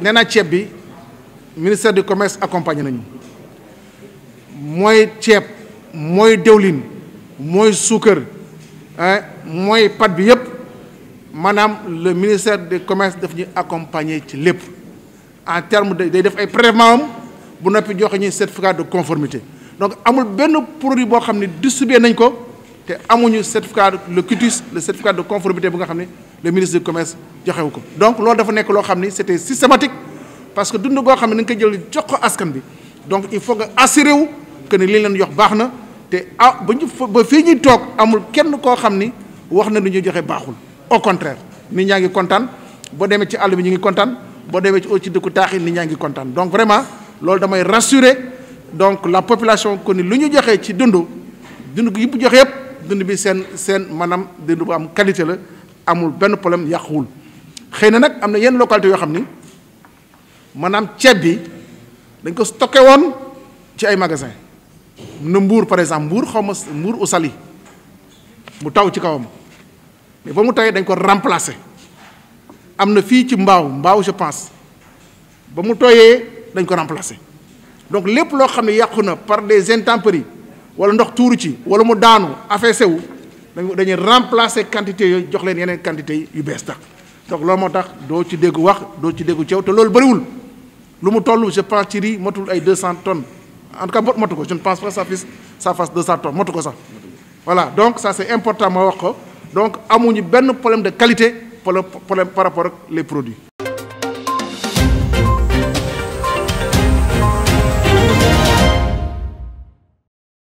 nee naa bi ministère du commerce accompagne nañu mooy ceeb mooy dëwlin mooy hein, mooy pat bi yëpp le ministère du commerce daf ñu accompagner ci lépp en terme de day def ay prélèvement am bu noppi joxe ñuy certificat de conformité donc amul benn produit boo xam ne distribué nañ ko te amuñu certificat le CUTIS le certificat de conformité bu nga xam le ministre du commerce joxewu donc loolu dafa nekk loo xam c'était systématique parce que dund goo xam ne da nga koy jël jox ko askan bi donc il faut nga assuré que ne li leen jox baax na te ah ba ñu ba fii ñuy toog amul kenn koo xam ni wax na lu au contraire nit ñaa ngi bo boo ci allu bi ñi ngi kontaan bo demee ci au ci dëkku taax ni ñangi ñaa donc vraiment loolu damay rassurer donc la population que luñu joxé ci dund dund gi joxé joxe dund bi seen seen maanaam dund bu am qualité la amul benn problème yàquwul xëy na nag am na yenn localité yoo xam ni maanaam ceeb bi dañ ko stocké woon ci ay magasin na Mbour par exemple Mbour xaw ma Mbour Oussali mu taw ci kawam mais ba mu tawee dañ ko remplacer am na fii ci mbaaw mbaaw je pense ba mu tooyee dañ ko remplacer donc lépp loo xam ne yàqu na par des intempéries wala ndox tuuru ci wala mu daanu affaissé wu dañuy remplacer quantité yooyu jox leen yeneen quantité yu bees tax donc loolu moo tax doo ci dégg wax doo ci dégg ceew te loolu bëriwul lu mu toll je pense ci riz motul ay 200 tonnes en tout cas mot motu ko je ne pense pas ça fasse ça fasse 200 tonnes motu ko sax voilà donc ça c'est important ma wax ko donc amuñu benn problème de qualité problème par rapport ak les produits